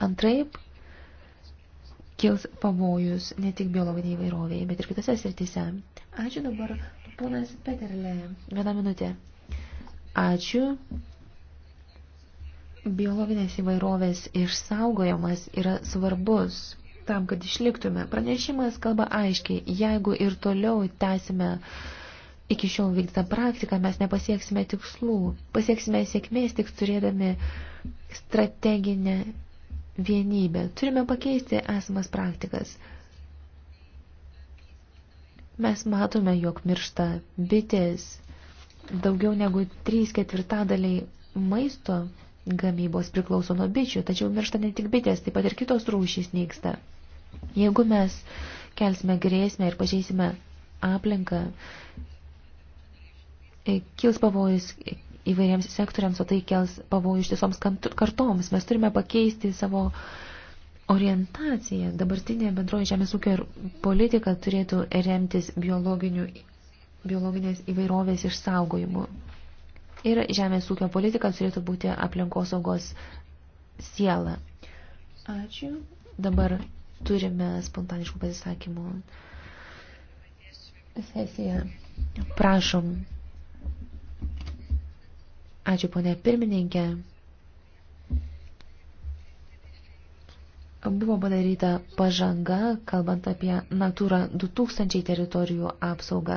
Antraip, kils pavojus ne tik biologiniai įvairoviai, bet ir kitose srityse. Ačiū dabar, ponas Peterle. Vieną minutę. Ačiū. Biologinės įvairovės išsaugojimas yra svarbus tam, kad išliktume. Pranešimas kalba aiškiai, jeigu ir toliau tęsime iki šiol vykdytą praktiką, mes nepasieksime tikslų. Pasieksime sėkmės tik turėdami strateginę vienybę. Turime pakeisti esamas praktikas. Mes matome, jog miršta bitės. Daugiau negu 3 ketvirtadaliai maisto gamybos priklauso nuo bičių, tačiau miršta ne tik bitės, taip pat ir kitos rūšys nyksta. Jeigu mes kelsime grėsmę ir pažeisime aplinką, e, kils pavojus įvairiems sektoriams, o tai kels pavojų ištisoms kartoms. Mes turime pakeisti savo orientaciją. Dabartinė bendroji žemės ūkio politika turėtų remtis biologinės įvairovės išsaugojimu. Ir žemės ūkio politika turėtų būti aplinkosaugos siela. Ačiū. Dabar turime spontaniškų pasisakymų sesiją. Prašom. Ačiū, ponė pirmininkė. Buvo padaryta pažanga, kalbant apie Natūra 2000 teritorijų apsaugą.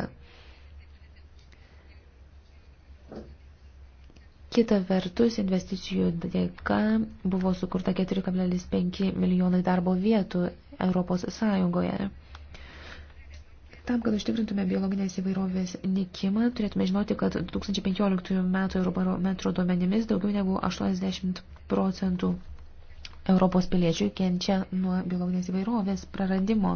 Kita vertus, investicijų dėka buvo sukurta 4,5 milijonai darbo vietų Europos Sąjungoje. Tam, kad užtikrintume biologinės įvairovės nikimą, turėtume žinoti, kad 2015 metų Eurobarometro duomenimis daugiau negu 80 procentų Europos piliečių kenčia nuo biologinės įvairovės praradimo.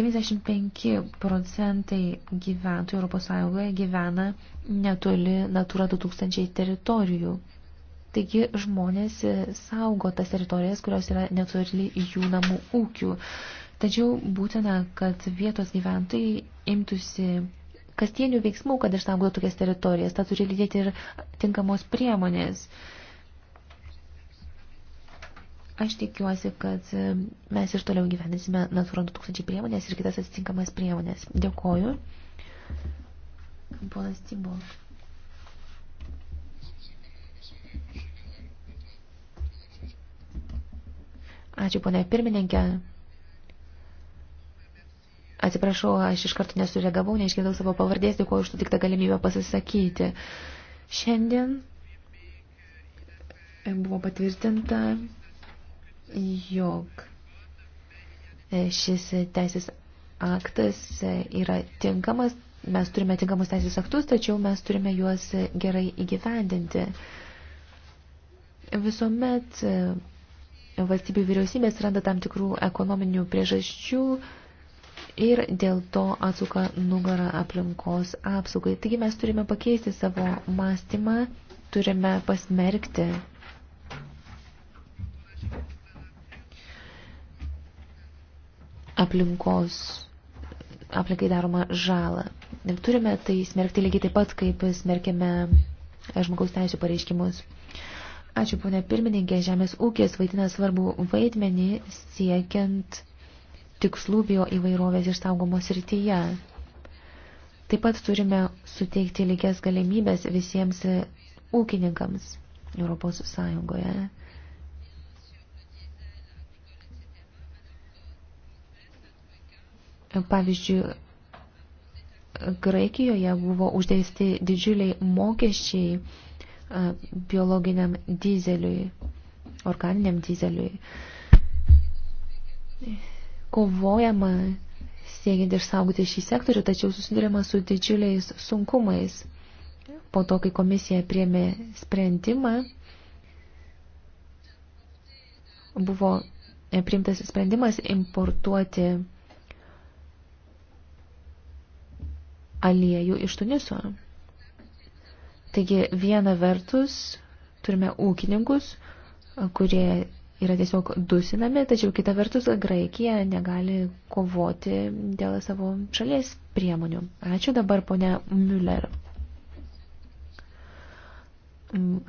95 procentai gyventojų Europos Sąjungoje gyvena netoli Natura 2000 teritorijų. Taigi žmonės saugo tas teritorijas, kurios yra netoli jų namų ūkių. Tačiau būtina, kad vietos gyventojai imtųsi kasdienių veiksmų, kad išsaugotų tokias teritorijas. Ta turi lydėti ir tinkamos priemonės. Aš tikiuosi, kad mes ir toliau gyvenysime Natura 2000 priemonės ir kitas atitinkamas priemonės. Dėkoju. Ponas Tibo. Ačiū, ponia pirmininkė. Atsiprašau, aš iš karto nesureagavau, neišgirdau savo pavardės, dėkuoju už sutiktą galimybę pasisakyti. Šiandien buvo patvirtinta, jog šis teisės aktas yra tinkamas, mes turime tinkamus teisės aktus, tačiau mes turime juos gerai įgyvendinti. Visuomet valstybių vyriausybės randa tam tikrų ekonominių priežasčių, ir dėl to atsuka nugarą aplinkos apsaugai. Taigi mes turime pakeisti savo mąstymą, turime pasmerkti aplinkos, aplinkai daromą žalą. Turime tai smerkti lygiai taip pat, kaip smerkime žmogaus teisų pareiškimus. Ačiū, ponė pirmininkė, žemės ūkis vaidina svarbu vaidmenį siekiant tikslų bio įvairovės išsaugomos rytyje. Taip pat turime suteikti lygias galimybės visiems ūkininkams Europos Sąjungoje. Pavyzdžiui, Graikijoje buvo uždėsti didžiuliai mokesčiai biologiniam dizeliui, organiniam dizeliui kovojama siekiant išsaugoti šį sektorių, tačiau susidurima su didžiuliais sunkumais. Po to, kai komisija priemė sprendimą, buvo priimtas sprendimas importuoti aliejų iš Tuniso. Taigi viena vertus turime ūkininkus, kurie yra tiesiog dusinami, tačiau kita vertus Graikija negali kovoti dėl savo šalies priemonių. Ačiū dabar, ponia Müller.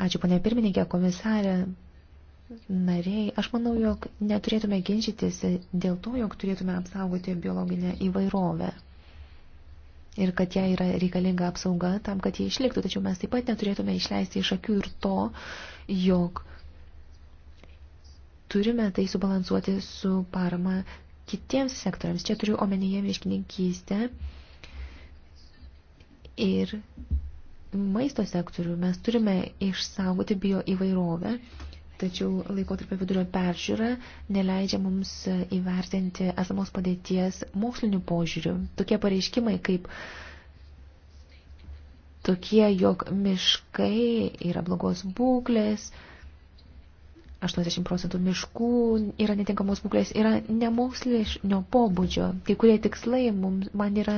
Ačiū, ponia pirmininkė, komisarė, nariai. Aš manau, jog neturėtume ginčytis dėl to, jog turėtume apsaugoti biologinę įvairovę ir kad jai yra reikalinga apsauga tam, kad jie išliktų. Tačiau mes taip pat neturėtume išleisti iš akių ir to, jog turime tai subalansuoti su parama kitiems sektoriams. Čia turiu omenyje miškininkystę ir maisto sektorių. Mes turime išsaugoti bio įvairovę, tačiau laikotarpio vidurio peržiūra neleidžia mums įvertinti esamos padėties mokslinių požiūrių. Tokie pareiškimai kaip tokie, jog miškai yra blogos būklės, 80 procentų miškų yra netinkamos būklės, yra nemokslinio pobūdžio. Kai kurie tikslai mums, man yra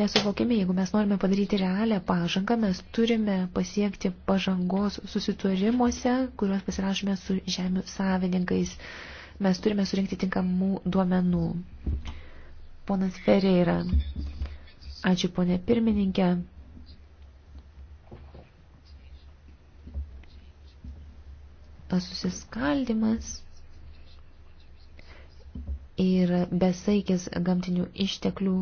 nesuvokiami. Jeigu mes norime padaryti realią pažangą, mes turime pasiekti pažangos susitarimuose, kuriuos pasirašome su žemių savininkais. Mes turime surinkti tinkamų duomenų. Ponas Ferreira. Ačiū, ponė pirmininkė. susiskaldimas ir besaikis gamtinių išteklių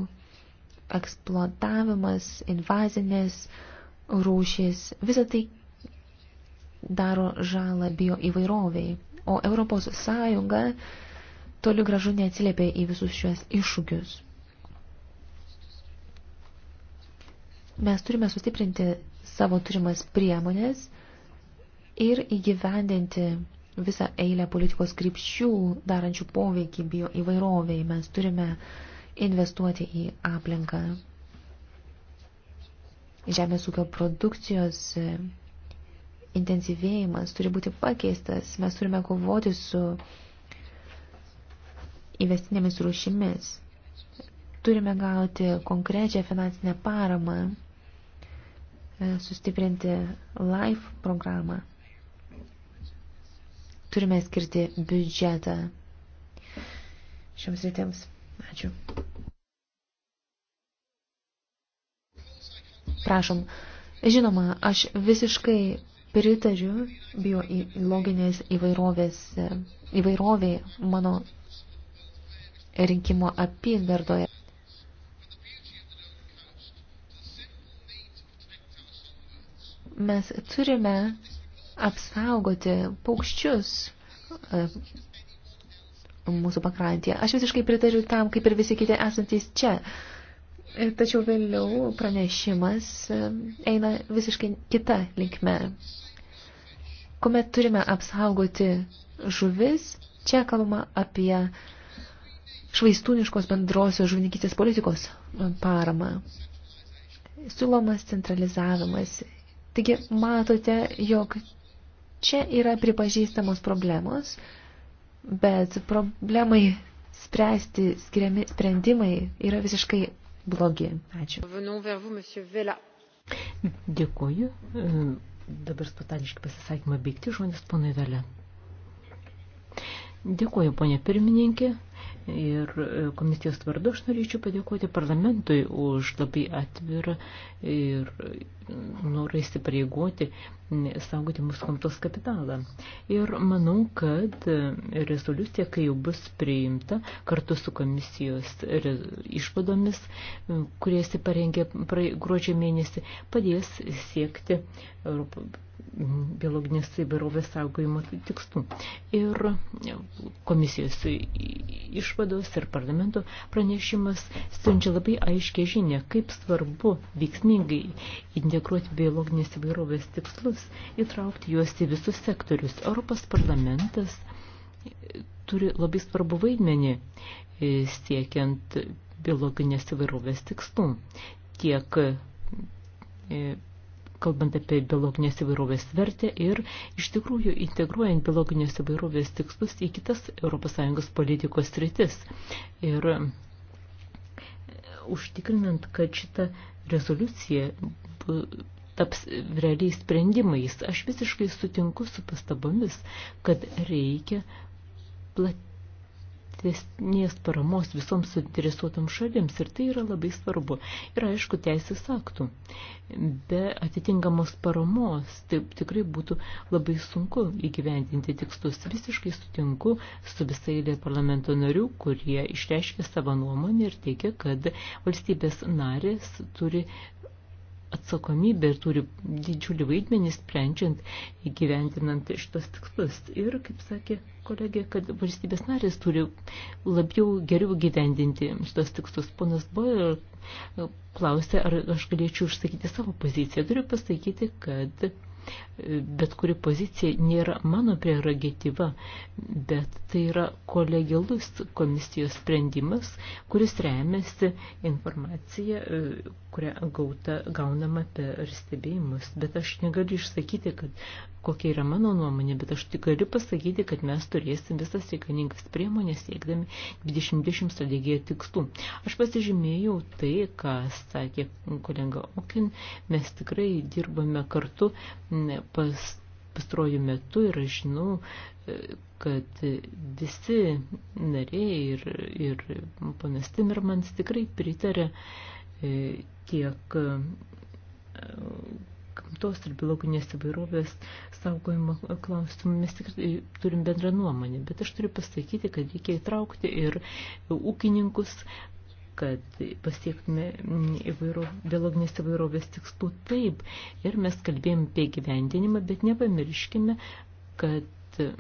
eksploatavimas, invazinės rūšys, visą tai daro žalą bio įvairoviai. O Europos Sąjunga toli gražu neatsiliepia į visus šiuos iššūkius. Mes turime sustiprinti savo turimas priemonės, ir įgyvendinti visą eilę politikos krypčių, darančių poveikį bio įvairoviai. Mes turime investuoti į aplinką. Žemės ūkio produkcijos intensyvėjimas turi būti pakeistas. Mes turime kovoti su įvestinėmis rūšimis. Turime gauti konkrečią finansinę paramą, sustiprinti LIFE programą turime skirti biudžetą šioms rytėms. Ačiū. Prašom. Žinoma, aš visiškai pritariu biologinės įvairovės, įvairoviai mano rinkimo apygardoje. Mes turime apsaugoti paukščius e, mūsų pakrantėje. Aš visiškai pritariu tam, kaip ir visi kiti esantys čia. E, tačiau vėliau pranešimas e, eina visiškai kita linkme. Kuomet turime apsaugoti žuvis, čia kalbama apie švaistūniškos bendrosios žuvininkystės politikos paramą. Siūlomas centralizavimas. Taigi matote, jog Čia yra pripažįstamos problemos, bet problemai spręsti skiriami sprendimai yra visiškai blogi. Ačiū. Dėkuoju. E, dabar spontaniškai pasisakymą bėgti žodis ponai Vėlė. Dėkuoju, ponė pirmininkė. Ir e, komisijos vardu aš norėčiau padėkoti parlamentui už labai atvirą ir e, norą įsipareigoti saugoti mūsų gamtos kapitalą. Ir manau, kad e, rezoliucija, kai jau bus priimta kartu su komisijos išvadomis, kurie įsiparengė gruodžio mėnesį, padės siekti biologinės įvairovės saugojimo tikslų. Ir komisijos išvados ir parlamento pranešimas siunčia labai aiškiai žinia, kaip svarbu veiksmingai integruoti biologinės įvairovės tikslus, įtraukti juos į visus sektorius. Europos parlamentas turi labai svarbu vaidmenį e, siekiant biologinės įvairovės tikslų tiek e, kalbant apie biologinės įvairovės vertę ir iš tikrųjų integruojant biologinės įvairovės tikslus į kitas ES politikos sritis. Ir užtikrinant, kad šita rezoliucija taps realiais sprendimais, aš visiškai sutinku su pastabomis, kad reikia platyti platesnės paramos visoms suinteresuotams šalims ir tai yra labai svarbu. Ir aišku, teisės aktų. Be atitinkamos paramos taip tikrai būtų labai sunku įgyvendinti tikslus. Visiškai sutinku su visai eilė parlamento narių, kurie išreiškia savo nuomonę ir teigia, kad valstybės narės turi atsakomybę ir turi didžiulį vaidmenį sprendžiant įgyvendinant šitos tikslus. Ir, kaip sakė kolegė, kad valstybės narės turi labiau geriau gyvendinti šitos tikslus. Ponas Boyer e, klausė, ar aš galėčiau užsakyti savo poziciją. Turiu pasakyti, kad e, bet kuri pozicija nėra mano prerogatyva, bet tai yra kolegialus komisijos sprendimas, kuris remiasi informacija, e, kurią gauta, gaunama per stebėjimus. Bet aš negaliu išsakyti, kad kokia yra mano nuomonė, bet aš tik galiu pasakyti, kad mes turėsim visas reikalingas priemonės siekdami 2020 strategiją tikslų. Aš pasižymėjau tai, ką sakė kolega Okin, mes tikrai dirbame kartu pas pastrojų metu ir aš žinau, kad visi nariai ir, ir panas Timirmans tikrai pritarė uh, E, tiek e, gamtos ir biologinės įvairovės saugojimo klausimų. Mes tikrai turim bendrą nuomonę, bet aš turiu pasakyti, kad reikia įtraukti ir ūkininkus, kad pasiektume įvairo, biologinės įvairovės tikslų taip. Ir mes kalbėjom apie gyvendinimą, bet nepamirškime, kad e,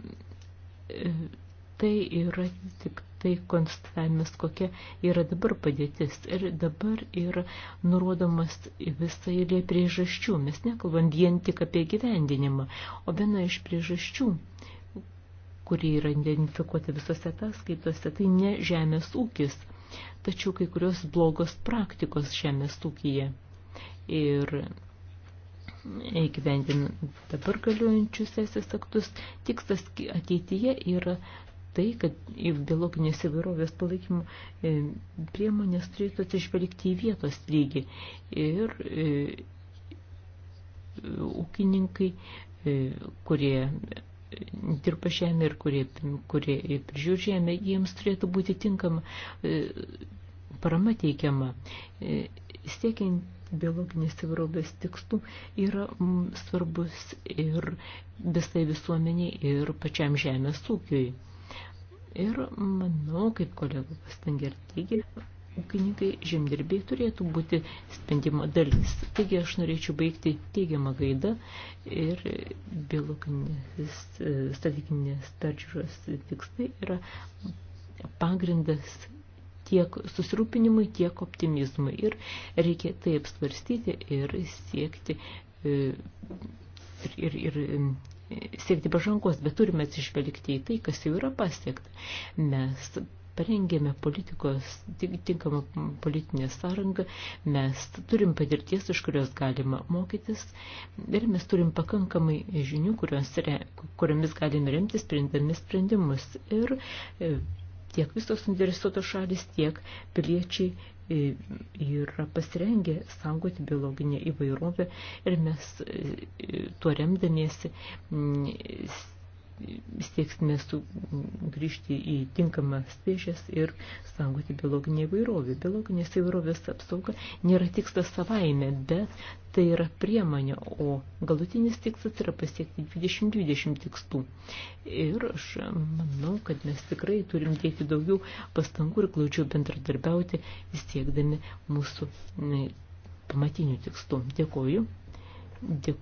tai yra tik tai konstatavimas, kokia yra dabar padėtis. Ir dabar yra nurodomas visai lė priežasčių. Mes nekalbam vien tik apie gyvendinimą, o viena iš priežasčių kurie yra identifikuoti visose ataskaitose, tai ne žemės ūkis, tačiau kai kurios blogos praktikos žemės ūkyje. Ir įgyvendinant dabar galiojančius esės aktus, tikslas ateityje yra tai, kad biologinės įvairovės palaikymo e, priemonės turėtų atsižvelgti į vietos lygį ir e, ūkininkai, e, kurie dirba žemė ir kurie, kurie prižiūri žemę, jiems turėtų būti tinkama parama teikiama. Siekiant biologinės įvairovės tikslų yra svarbus ir visai visuomeniai ir pačiam žemės ūkiui. Ir manau, kaip kolegų pastangė ir teigia, ūkininkai žemdirbiai turėtų būti sprendimo dalis. Taigi aš norėčiau baigti teigiamą gaidą ir biologinės statikinės tarčiūros tikslai yra pagrindas tiek susirūpinimui, tiek optimizmui. Ir reikia tai apsvarstyti ir siekti e, ir, ir, ir siekti pažangos, bet turime atsižvelgti į tai, kas jau yra pasiekta. Mes parengėme politikos, tinkamą politinę sąrangą, mes turim patirties, iš kurios galima mokytis ir mes turim pakankamai žinių, re, kuriomis galime remtis, sprendami sprendimus. Ir e, tiek visos interesuotos šalis, tiek piliečiai yra pasirengę saugoti biologinę įvairovę ir mes e, tuo remdamiesi sieksime grįžti į tinkamas vėžės ir saugoti biologinį įvairovį. Biologinės įvairovės apsauga nėra tikslas savaime, bet tai yra priemonė, o galutinis tikslas yra pasiekti 2020 tikslų. Ir aš manau, kad mes tikrai turim dėti daugiau pastangų ir glaudžiau bendradarbiauti, siekdami mūsų pamatinių tikslų. Dėkuoju. Dėkuoju.